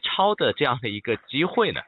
超、嗯、 的這樣的，的一個機會呢？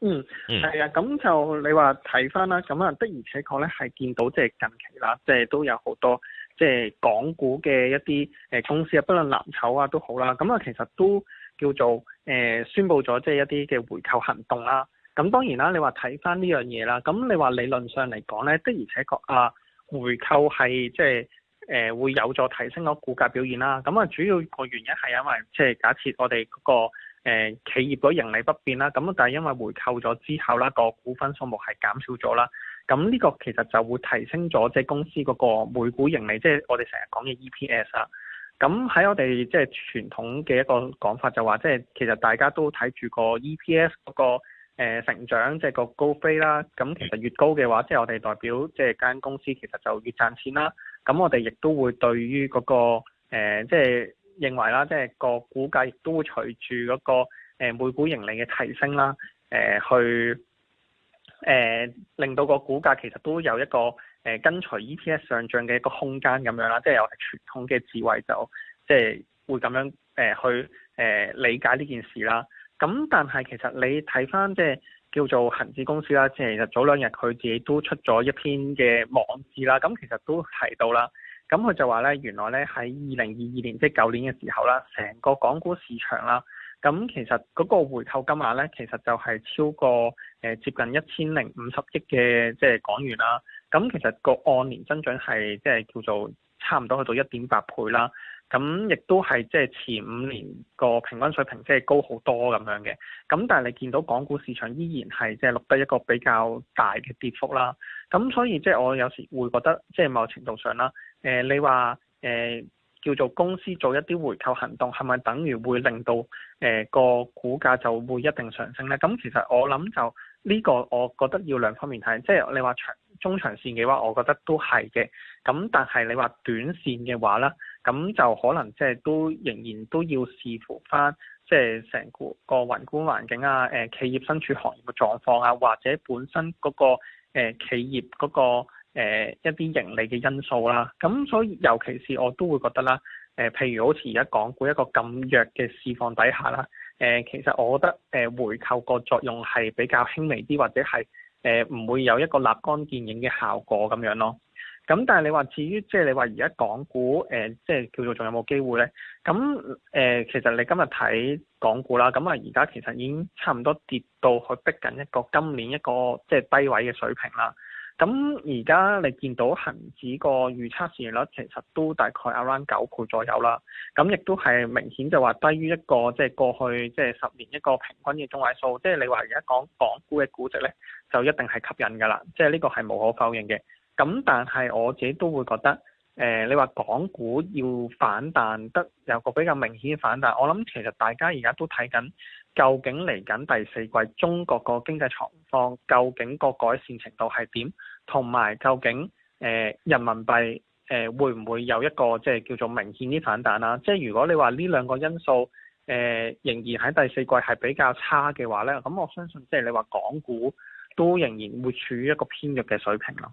嗯、呃，係啊，咁就你話睇翻啦，咁啊的而且確呢，係見到即係近期啦，即係都有好多即係港股嘅一啲誒公司啊，不論藍籌啊都好啦，咁啊其實都叫做誒、呃、宣布咗即係一啲嘅回購行動啦、啊。咁當然啦，你話睇翻呢樣嘢啦，咁你話理論上嚟講呢，的而且確啊回購係即係。誒會有助提升個股價表現啦。咁啊，主要個原因係因為即係假設我哋嗰個誒企業嗰盈利不變啦，咁但係因為回購咗之後啦，個股份數目係減少咗啦。咁、這、呢個其實就會提升咗即係公司嗰個每股盈利，即係我哋成日講嘅 E P S 啊。咁喺我哋即係傳統嘅一個講法、就是，就話即係其實大家都睇住個 E P S 嗰個誒成長，即係個高飛啦。咁其實越高嘅話，即係我哋代表即係間公司其實就越賺錢啦。咁我哋亦都會對於嗰、那個、呃、即係認為啦，即係個股價亦都會隨住嗰、那個、呃、每股盈利嘅提升啦，誒、呃、去誒、呃、令到個股價其實都有一個誒、呃、跟隨 EPS 上漲嘅一個空間咁樣啦，即係由傳統嘅智慧就即係會咁樣誒、呃、去誒、呃、理解呢件事啦。咁但係其實你睇返即係。叫做恒指公司啦，即係其實早兩日佢自己都出咗一篇嘅網誌啦，咁其實都提到啦，咁佢就話呢，原來呢喺二零二二年，即係舊年嘅時候啦，成個港股市場啦，咁其實嗰個回購金額呢，其實就係超過誒接近一千零五十億嘅即係港元啦，咁其實個按年增長係即係叫做差唔多去到一點八倍啦。咁亦都係即係前五年個平均水平，即係高好多咁樣嘅。咁但係你見到港股市場依然係即係錄得一個比較大嘅跌幅啦。咁所以即係我有時會覺得，即係某程度上啦。誒、呃，你話誒、呃、叫做公司做一啲回購行動，係咪等於會令到誒個、呃、股價就會一定上升咧？咁其實我諗就呢個，我覺得要兩方面睇。即係你話長中長線嘅話，我覺得都係嘅。咁但係你話短線嘅話咧？咁就可能即係都仍然都要視乎返，即係成個個宏觀環境啊，誒、呃、企業身處行業嘅狀況啊，或者本身嗰、那個、呃、企業嗰、那個、呃、一啲盈利嘅因素啦。咁所以尤其是我都會覺得啦，誒、呃、譬如好似而家港股一個咁弱嘅市況底下啦，誒、呃、其實我覺得誒回購個作用係比較輕微啲，或者係誒唔會有一個立竿見影嘅效果咁樣咯。咁但係你話至於即係你話而家港股誒即係叫做仲有冇機會咧？咁、呃、誒其實你今日睇港股啦，咁啊而家其實已經差唔多跌到去逼近一個今年一個即係低位嘅水平啦。咁而家你見到恒指個預測市盈率其實都大概 around 九倍左右啦。咁亦都係明顯就話低於一個即係過去即係十年一個平均嘅中位數。即係你話而家講港股嘅估值咧，就一定係吸引㗎啦。即係呢個係無可否認嘅。咁但係我自己都會覺得，誒、呃，你話港股要反彈得有個比較明顯嘅反彈，我諗其實大家而家都睇緊，究竟嚟緊第四季中國個經濟狀況究竟個改善程度係點，同埋究竟誒、呃、人民幣誒、呃、會唔會有一個即係叫做明顯啲反彈啦、啊？即係如果你話呢兩個因素誒、呃、仍然喺第四季係比較差嘅話咧，咁我相信即係你話港股都仍然會處於一個偏弱嘅水平咯。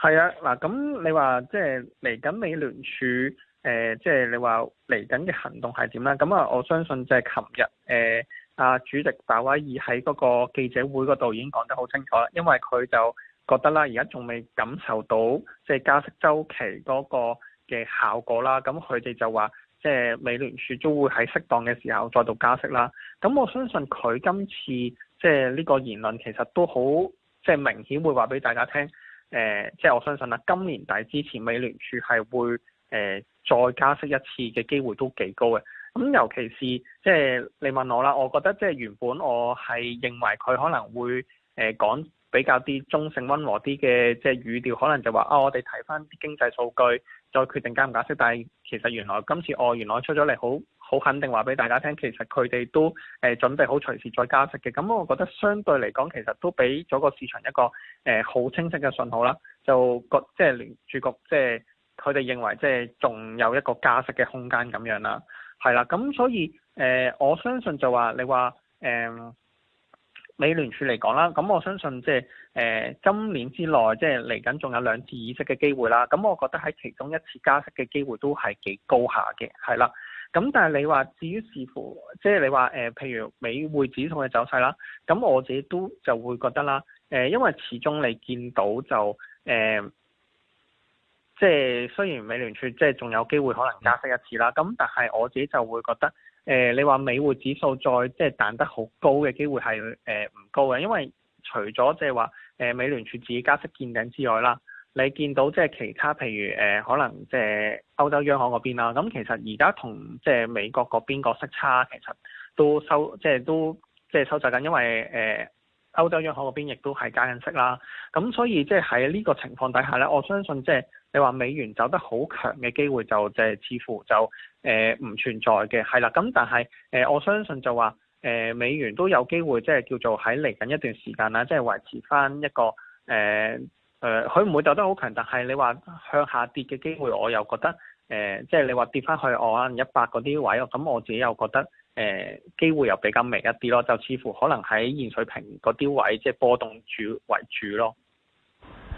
係啊，嗱咁你話即係嚟緊美聯儲，誒即係你話嚟緊嘅行動係點啦？咁啊，我相信就係琴日誒，阿、呃、主席鮑威爾喺嗰個記者會嗰度已經講得好清楚啦。因為佢就覺得啦，而家仲未感受到即係加息周期嗰個嘅效果啦。咁佢哋就話，即係美聯儲都會喺適當嘅時候再度加息啦。咁我相信佢今次即係呢個言論其實都好即係明顯會話俾大家聽。誒、呃，即係我相信啦，今年底之前美聯，美聯儲係會誒再加息一次嘅機會都幾高嘅。咁、呃、尤其是即係你問我啦，我覺得即係原本我係認為佢可能會誒講、呃、比較啲中性溫和啲嘅即係語調，可能就話啊、哦，我哋睇翻啲經濟數據再決定加唔加息。但係其實原來今次我、哦、原來出咗嚟好。好肯定話俾大家聽，其實佢哋都誒、呃、準備好隨時再加息嘅。咁、嗯、我覺得相對嚟講，其實都俾咗個市場一個誒好、呃、清晰嘅信號啦。就個即係聯儲局，即係佢哋認為即係仲有一個加息嘅空間咁樣啦。係、嗯、啦，咁所以誒、呃，我相信就話你話誒、呃、美聯儲嚟講啦，咁、嗯、我相信即係誒今年之內即係嚟緊仲有兩次議息嘅機會啦。咁、嗯、我覺得喺其中一次加息嘅機會都係幾高下嘅。係、嗯、啦。嗯嗯嗯。咁但係你話至於視乎，即係你話誒、呃，譬如美匯指數嘅走勢啦，咁我自己都就會覺得啦，誒、呃，因為始終你見到就誒、呃，即係雖然美聯儲即係仲有機會可能加息一次啦，咁但係我自己就會覺得，誒、呃，你話美匯指數再即係彈得好高嘅機會係誒唔高嘅，因為除咗即係話誒美聯儲自己加息見頂之外啦。你見到即係其他，譬如誒、呃、可能即係歐洲央行嗰邊啦，咁其實而家同即係美國嗰邊個息差其實都收即係、就是、都即係收窄緊，因為誒、呃、歐洲央行嗰邊亦都係加緊息啦。咁、啊、所以即係喺呢個情況底下咧，我相信即、就、係、是、你話美元走得好強嘅機會就即係、就是、似乎就誒唔、呃、存在嘅，係啦。咁但係誒、呃、我相信就話、是、誒、呃、美元都有機會即係、就是、叫做喺嚟緊一段時間啦，即、就、係、是、維持翻一個誒、呃誒，佢唔、呃、會走得好強，但係你話向下跌嘅機會，我又覺得誒、呃，即係你話跌翻去我啱一百嗰啲位，咁我自己又覺得誒、呃，機會又比較微一啲咯，就似乎可能喺現水平嗰啲位，即係波動主為主咯。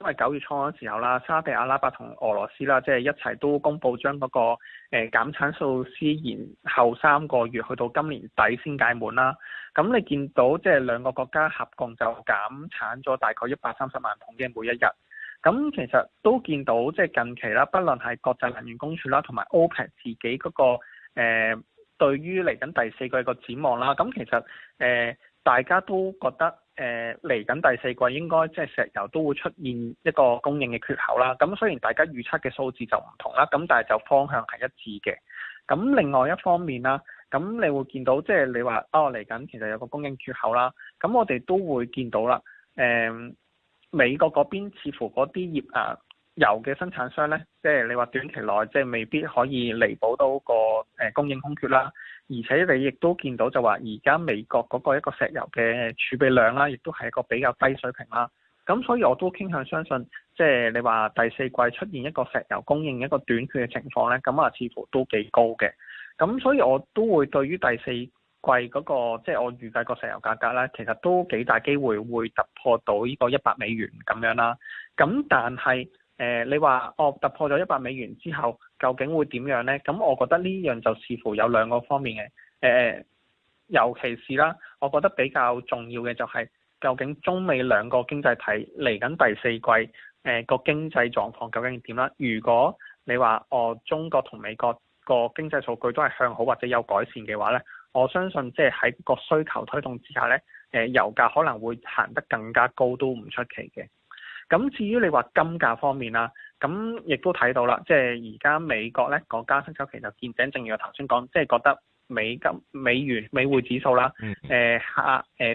因為九月初嗰時候啦，沙特阿拉伯同俄羅斯啦，即係一齊都公布將嗰、那個誒、呃、減產數字，延後三個月去到今年底先解滿啦。咁、嗯、你見到即係兩個國家合共就減產咗大概一百三十萬桶嘅每一日。咁、嗯、其實都見到即係近期啦，不論係國際能源公署啦，同埋 OPEC 自己嗰、那個誒、呃、對於嚟緊第四季個，個展望啦。咁、嗯、其實誒、呃、大家都覺得。誒，嚟緊第四季應該即係石油都會出現一個供應嘅缺口啦，咁雖然大家預測嘅數字就唔同啦，咁但係就方向係一致嘅。咁另外一方面啦，咁你會見到即係你話，哦，嚟緊其實有個供應缺口啦，咁我哋都會見到啦。誒、嗯，美國嗰邊似乎嗰啲業啊～油嘅生產商呢，即係你話短期內即係未必可以彌補到個誒供應空缺啦。而且你亦都見到就話，而家美國嗰個一個石油嘅儲備量啦，亦都係一個比較低水平啦。咁所以我都傾向相信，即係你話第四季出現一個石油供應一個短缺嘅情況呢，咁啊似乎都幾高嘅。咁所以我都會對於第四季嗰個即係我預計個石油價格呢，其實都幾大機會會突破到呢個一百美元咁樣啦。咁但係，誒、呃，你話我、哦、突破咗一百美元之後，究竟會點樣呢？咁、嗯、我覺得呢樣就似乎有兩個方面嘅，誒、呃，尤其是啦，我覺得比較重要嘅就係、是，究竟中美兩個經濟體嚟緊第四季，誒、呃、個經濟狀況究竟點啦？如果你話我、哦、中國同美國個經濟數據都係向好或者有改善嘅話呢，我相信即係喺個需求推動之下呢，誒、呃、油價可能會行得更加高都唔出奇嘅。咁至於你話金價方面啦，咁亦都睇到啦，即係而家美國咧個加息週期就見頂，正如我頭先講，即係覺得美金、美元、美匯指數啦，誒、 呃、下誒、呃，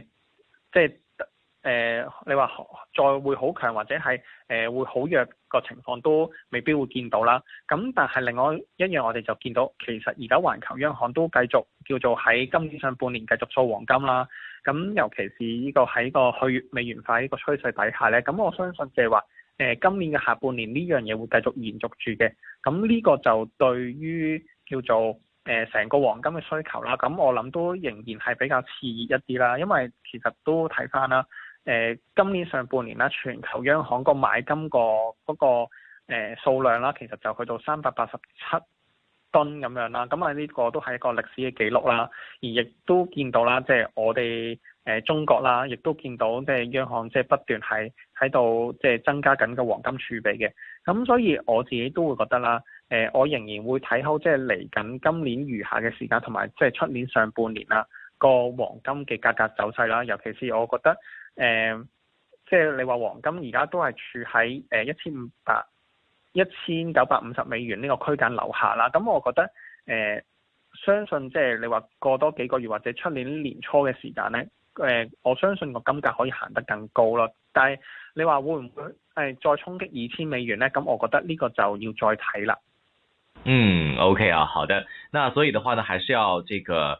即係。誒、呃，你話再會好強或者係誒、呃、會好弱個情況都未必會見到啦。咁但係另外一樣，我哋就見到其實而家環球央行都繼續叫做喺今年上半年繼續掃黃金啦。咁尤其是呢個喺個去美元化呢個趨勢底下呢，咁我相信就係話誒今年嘅下半年呢樣嘢會繼續延續住嘅。咁呢個就對於叫做誒成、呃、個黃金嘅需求啦。咁我諗都仍然係比較熾熱一啲啦，因為其實都睇翻啦。誒今年上半年啦，全球央行個買金個嗰個誒數量啦，其實就去到三百八十七噸咁樣啦。咁啊，呢個都係一個歷史嘅記錄啦。而亦都見到啦，即係我哋誒中國啦，亦都見到即係央行即係不斷喺喺度即係增加緊嘅黃金儲備嘅。咁所以我自己都會覺得啦，誒、呃、我仍然會睇好即係嚟緊今年餘下嘅時間，同埋即係出年上半年啊個黃金嘅價格走勢啦。尤其是我覺得。誒、呃，即係你話黃金而家都係處喺誒一千五百、一千九百五十美元呢個區間樓下啦。咁、嗯、我覺得誒、呃，相信即係你話過多幾個月或者出年年初嘅時間呢，誒、呃，我相信個金價可以行得更高啦。但係你話會唔會係、呃、再衝擊二千美元呢？咁、嗯、我覺得呢個就要再睇啦。嗯，OK 啊，好的。那所以的話呢，還是要這個，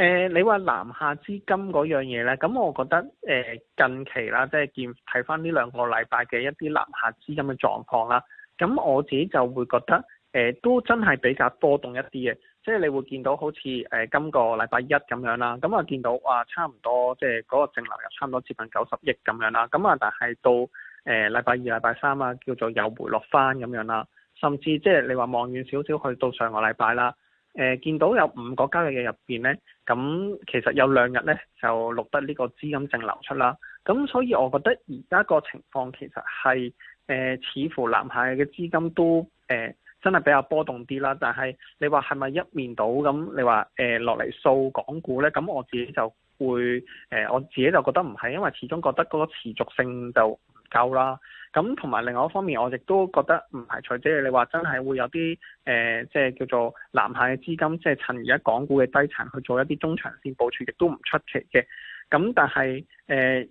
誒、呃，你話南下資金嗰樣嘢呢，咁我覺得誒、呃、近期啦，即係見睇翻呢兩個禮拜嘅一啲南下資金嘅狀況啦，咁我自己就會覺得誒、呃、都真係比較波動一啲嘅，即係你會見到好似誒、呃、今個禮拜一咁樣啦，咁啊見到哇差唔多即係嗰個淨流入差唔多接近九十億咁樣啦，咁啊但係到誒、呃、禮拜二、禮拜三啊叫做又回落翻咁樣啦，甚至即係你話望遠少少去到上個禮拜啦。誒、呃，見到有五個交易嘅入邊呢，咁、嗯、其實有兩日呢就錄得呢個資金淨流出啦。咁、嗯、所以我覺得而家個情況其實係，誒、呃，似乎南下嘅資金都誒、呃、真係比較波動啲啦。但係你話係咪一面倒咁？你話誒落嚟掃港股呢，咁我自己就會誒、呃，我自己就覺得唔係，因為始終覺得嗰個持續性就夠啦，咁同埋另外一方面，我亦都覺得唔排除，即係你話真係會有啲誒，即、呃、係叫做南下嘅資金，即係趁而家港股嘅低層去做一啲中長線部署，亦都唔出奇嘅。咁但係誒、呃，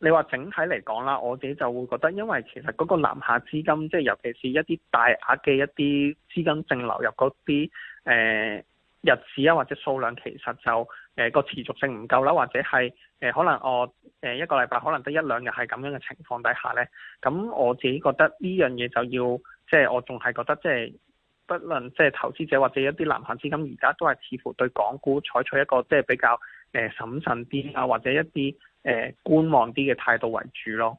你話整體嚟講啦，我自己就會覺得，因為其實嗰個南下資金，即係尤其是一啲大額嘅一啲資金淨流入嗰啲誒日子啊，或者數量，其實就～誒個、呃、持續性唔夠啦，或者係誒、呃、可能我誒、呃、一個禮拜可能得一兩日係咁樣嘅情況底下呢，咁我自己覺得呢樣嘢就要即係我仲係覺得即係，不論即係投資者或者一啲南下資金而家都係似乎對港股採取一個即係比較誒審、呃、慎啲啊，或者一啲誒、呃、觀望啲嘅態度為主咯。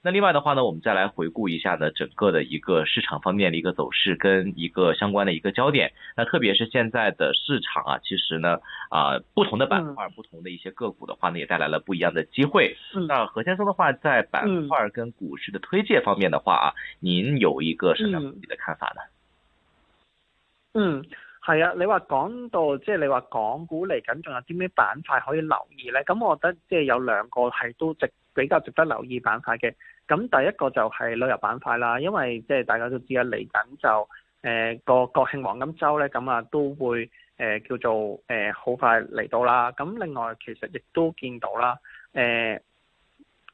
那另外的話呢，我們再來回顧一下呢，整個的一個市場方面的一個走勢跟一個相關的一個焦點。那特別是現在的市場啊，其實呢啊，不同的板塊、不同的一些個股的話呢，也帶來了不一樣的機會。那何先生的話，在板塊跟股市的推介方面的話啊，您有一個什麼樣自己的看法呢？嗯，係、嗯、啊，你話講到即係你話港股嚟緊，仲有啲咩板塊可以留意呢？咁我覺得即係有兩個系都值。比較值得留意板塊嘅，咁第一個就係旅遊板塊啦，因為即係大家都知啦，嚟緊就誒個、呃、國慶黃金週呢，咁啊都會誒、呃、叫做誒好、呃、快嚟到啦。咁另外其實亦都見到啦，誒、呃、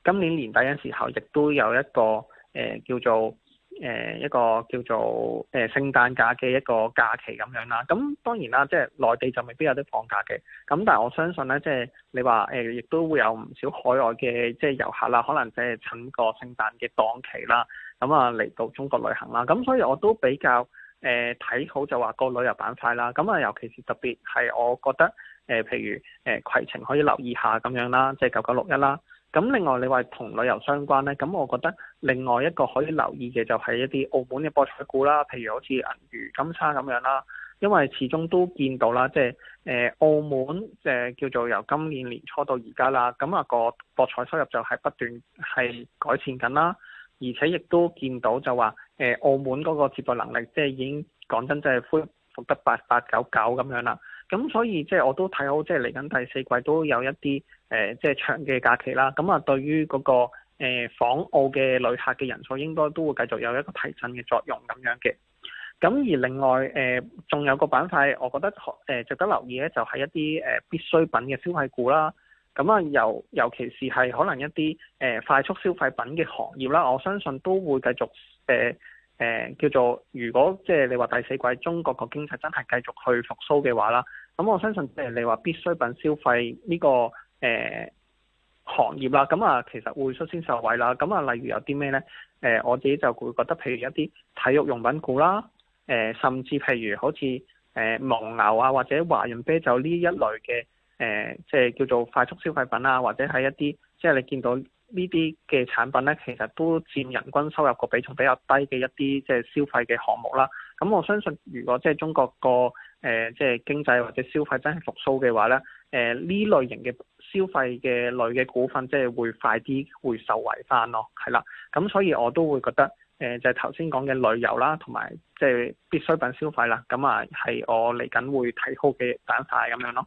今年年底嘅時候亦都有一個誒、呃、叫做。誒、呃、一個叫做誒、呃、聖誕假嘅一個假期咁樣啦，咁當然啦，即係內地就未必有得放假嘅，咁但係我相信咧，即係你話誒、呃，亦都會有唔少海外嘅即係遊客啦，可能即係趁個聖誕嘅檔期啦，咁啊嚟到中國旅行啦，咁所以我都比較誒睇、呃、好就話個旅遊板塊啦，咁啊尤其是特別係我覺得誒、呃、譬如誒攜、呃、程可以留意下咁樣啦，即係九九六一啦。咁另外你話同旅遊相關呢，咁我覺得另外一個可以留意嘅就係一啲澳門嘅博彩股啦，譬如好似銀娛、金沙咁樣啦，因為始終都見到啦，即係誒澳門誒、呃、叫做由今年年初到而家啦，咁、那、啊個博彩收入就係不斷係改善緊啦，而且亦都見到就話、呃、澳門嗰個接待能力即係已經講真即係、就是、恢復得八八九九咁樣啦。咁、嗯、所以即係我都睇好，即係嚟緊第四季都有一啲誒、呃、即係長嘅假期啦。咁、嗯、啊，對於嗰個、那個誒訪、呃、澳嘅旅客嘅人數應該都會繼續有一個提振嘅作用咁樣嘅。咁、嗯、而另外誒仲、呃、有個板塊，我覺得誒、呃、值得留意咧，就係一啲誒必需品嘅消費股啦。咁、嗯、啊，尤、呃、尤其是係可能一啲誒、呃、快速消費品嘅行業啦，我相信都會繼續誒。呃呃誒、呃、叫做，如果即係、就是、你話第四季中國個經濟真係繼續去復甦嘅話啦，咁我相信誒你話必需品消費呢、這個誒、呃、行業啦，咁啊其實會率先受惠啦。咁啊，例如有啲咩咧？誒、呃、我自己就會覺得，譬如一啲體育用品股啦，誒、啊、甚至譬如好似誒、啊、蒙牛啊，或者華潤啤酒呢一類嘅誒即係叫做快速消費品啊，或者係一啲即係你見到。呢啲嘅產品咧，其實都佔人均收入個比重比較低嘅一啲即係消費嘅項目啦。咁我相信，如果即係中國個誒即係經濟或者消費真係復甦嘅話咧，誒、呃、呢類型嘅消費嘅類嘅股份，即係會快啲會受惠翻咯。係啦，咁所以我都會覺得誒、呃、就係頭先講嘅旅遊啦，同埋即係必需品消費啦。咁啊，係我嚟緊會睇好嘅板塊咁樣咯。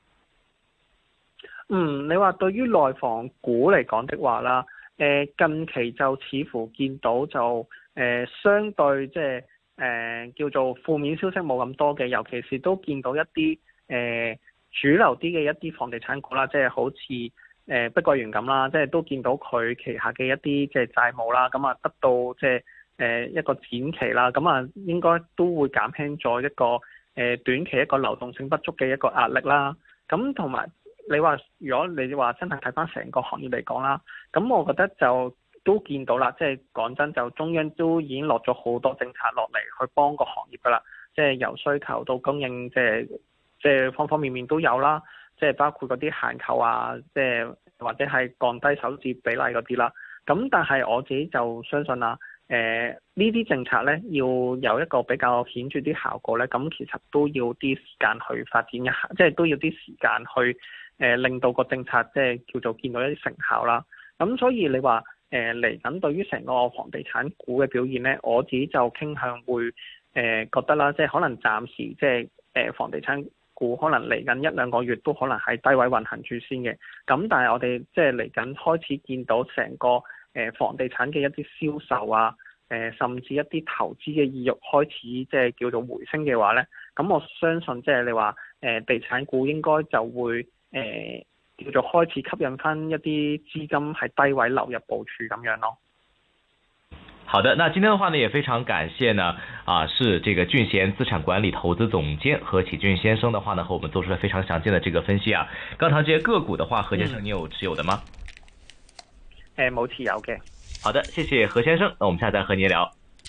嗯，你話對於內房股嚟講的話啦，誒、呃、近期就似乎見到就誒、呃、相對即係誒叫做負面消息冇咁多嘅，尤其是都見到一啲誒、呃、主流啲嘅一啲房地產股啦，即係好似誒碧桂園咁啦，即係都見到佢旗下嘅一啲即係債務啦，咁啊得到即係誒一個展期啦，咁啊應該都會減輕咗一個誒、呃、短期一個流動性不足嘅一個壓力啦，咁同埋。你話如果你話真係睇翻成個行業嚟講啦，咁我覺得就都見到啦，即係講真就中央都已經落咗好多政策落嚟去幫個行業噶啦，即係由需求到供應，即係即係方方面面都有啦，即係包括嗰啲限購啊，即係或者係降低首置比例嗰啲啦。咁但係我自己就相信啦，誒呢啲政策呢要有一個比較顯著啲效果呢，咁其實都要啲時間去發展一下，即係都要啲時間去。誒令到個政策即係叫做見到一啲成效啦，咁所以你話誒嚟緊對於成個房地產股嘅表現咧，我自己就傾向會誒覺得啦，即係可能暫時即係誒房地產股可能嚟緊一兩個月都可能喺低位運行住先嘅，咁但係我哋即係嚟緊開始見到成個誒房地產嘅一啲銷售啊，誒甚至一啲投資嘅意欲開始即係叫做回升嘅話咧，咁我相信即係你話誒地產股應該就會。誒、呃，叫做開始吸引返一啲資金喺低位流入部署咁樣咯。好的，那今天的話呢，也非常感謝呢，啊，是這個俊賢資產管理投資總監何啟俊先生的話呢，和我們做出了非常詳盡的這個分析啊。剛才這些個股的話，何先生你有持有的嗎？誒、嗯，冇、呃、持有嘅。好的，謝謝何先生，那我們下次再和你聊。